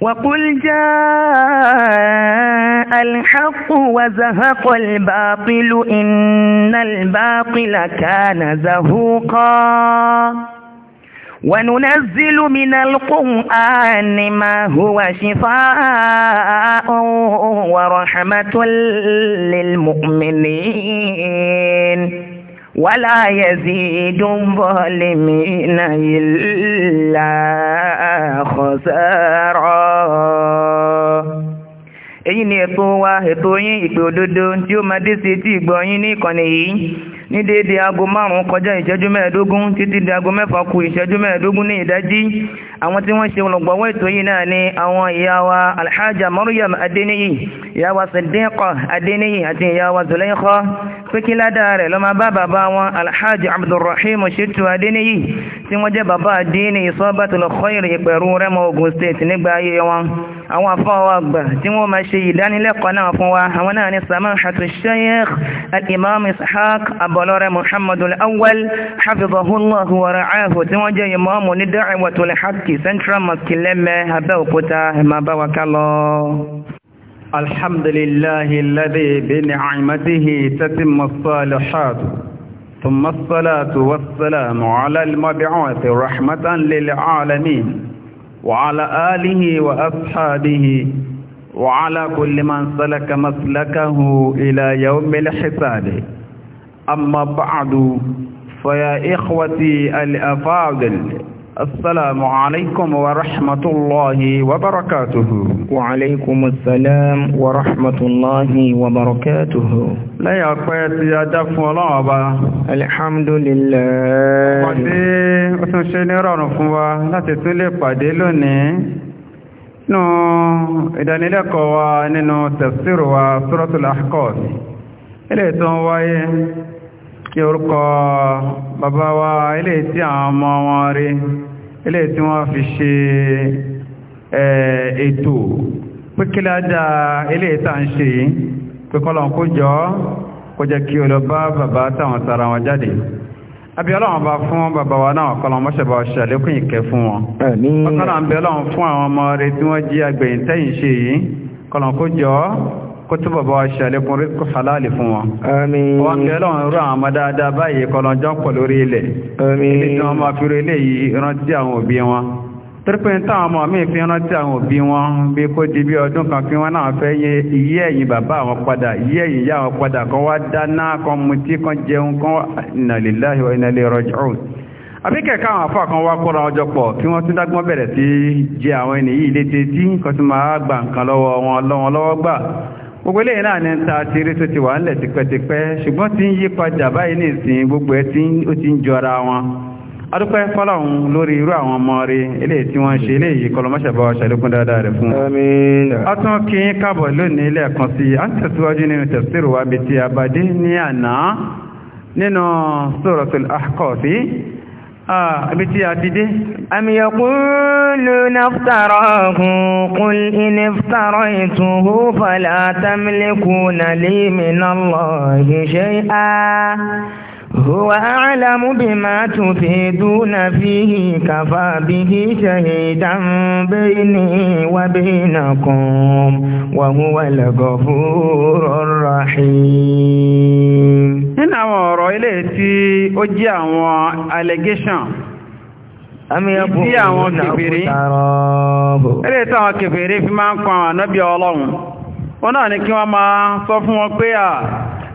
وقل جاء الحق وزهق الباطل إن الباطل كان زهوقا وننزل من القرآن ما هو شفاء ورحمة للمؤمنين ولا يزيد الظالمين إلا خسارا yìí ni ètò wa ètò yín ìpè òdodo tí ó máa dé sí etí ìgbọ́ yín ní ìkànnì yìí ní déédéé aago márùn-ún kọjá ìṣẹ́jú mẹ́ẹ̀ẹ́dógún títí di aago mẹ́fà kù ìṣẹ́jú mẹ́ẹ̀ẹ́dógún ní ìdájí àwọn tí wọ́n ṣe olùgbọ̀wọ́ ètò yìí náà ni àwọn ìyá wa alhaja maryam adeniyi ìyá wa sadiqa adeniyi àti ìyá wa zulaikha pé kí ládàá rẹ̀ lọ́mọ bá bàbá wọn alhaji abdulrahim shitu adeniyi tí wọ́n jẹ́ bàbá àdínì ìsọ́bàtì lọ kọ́yìnrì ìpẹ̀rú rẹ́mọ Ògùn state nígbà ayé wọn àwọn afọ́wọ́ àgbà tí wọ́n máa ṣe ìdánilẹ́kọ̀ọ́ náà fún wa àwọn náà ni samahatu sheikh al-imam ishaq abọlọ́rẹ́ muhammadu al-awwal hafizahullahu wa ra'ahu tí wọ́n jẹ́ imamu ثم الصلاة والسلام على المبعوث رحمة للعالمين وعلى آله وأصحابه وعلى كل من سلك مسلكه إلى يوم الحساب أما بعد فيا إخوتي الأفاضل السلام عليكم ورحمة الله وبركاته وعليكم السلام ورحمة الله وبركاته لا يا قيتي يا دف الحمد لله قدي وتشني رنفوا لا تتلي pàdé lónìí nínú ìdánilẹ́kọ̀ọ́ wa nínú tafsir wa suratul ahqaf ilé tó ń wáyé kí ilé tí wọ́n fi ṣe ètò pẹ́kíládà ilé ìta ń ṣe pẹ́kọ́lọ̀n kó jọ kó jẹ́ kí o lọ bá bàbá táwọn tara wọn jáde àbí ọlọ́run bá fún bàbá wa náà kọ́lọ̀ mọ́ṣẹ̀bà ọ̀ṣẹ̀ àlékún ìkẹ́ fún wọn ọkọ́lọ̀ ń bẹ ọlọ́run fún àwọn ọmọ rẹ̀ tí wọ́n jí agbẹ̀yìn tẹ́yìn ṣe yìí kọ́lọ̀ kó jọ kó túbọ̀ bá wa ṣàlékún ríkù halali fún wọn. àmín. wọ́n kẹ́ rú dáadáa báyìí kọlọ́njọ́ pọ̀ lórí ilẹ̀. àmín. ilé tí máa fi rí eléyìí rántí àwọn ọmọ mi fi rántí àwọn òbí wọn bí kò di bí ọdún kan fi wọ́n náà yé iye bàbá àwọn padà iye àwọn padà kọ wá dáná mutí jẹun àbí àwọn kan wá kóra kí tún sí jẹ àwọn ènìyàn gbogbo eléyìí náà ní ta ti tó ti wà ńlẹ̀ tipẹ́tipẹ́ ṣùgbọ́n ti ń yí padà báyìí ní ìsìn gbogbo ẹ̀ ó ti ń jọra wọn adúpẹ́ fọ́lọ́hun lórí irú àwọn ọmọ rí ilé tí wọ́n ṣe ilé yìí kọlọmọ́ṣẹ̀bọ́ ṣàlékún dáadáa rẹ̀ fún a tún kí ń káàbọ̀ lónìí ilé ẹ̀kan sí a ń tẹ̀síwájú nínú tẹ̀síwájú àbí ti àbádé ní àná nínú Suratul Ahqaf àbítí ah, àdídé. am yaquluna iftarahu qul in iftaraytuhu fala tamlikuna li minallahi shay'an هو أعلم بما تفيدون فيه كفى به شهيدا بيني وبينكم وهو الغفور الرحيم nínú àwọn ọ̀rọ̀ ilé tí ó awọn àwọn allegation tí àwọn kèfèrí ilé tí àwọn kèfèrí fi máa ń kan ànábí ọlọ́run ó náà ní kí wọ́n máa sọ fún wọn pé à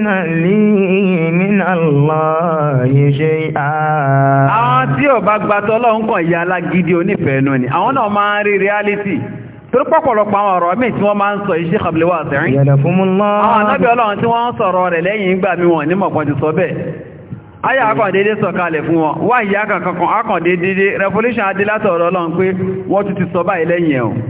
yushrikuna li min Allahi shay'a. àwọn tí ò bá gbatọ́ lọ́hún kan ìyá alágídí onífẹ̀ẹ́ ni àwọn náà máa ń rí reality torí pọ̀pọ̀lọpọ̀ àwọn ọ̀rọ̀ míì tí wọ́n máa ń sọ iṣẹ́ kàbílẹ̀wà àtẹ̀rín àwọn anábì ọlọ́run tí wọ́n ń sọ̀rọ̀ rẹ̀ lẹ́yìn ìgbà mi wọ̀n nímọ̀ kan ti sọ bẹ́ẹ̀ ayé akọ̀dédé revolution adé látọ̀rọ̀ ọlọ́run pé wọ́n tún ti sọ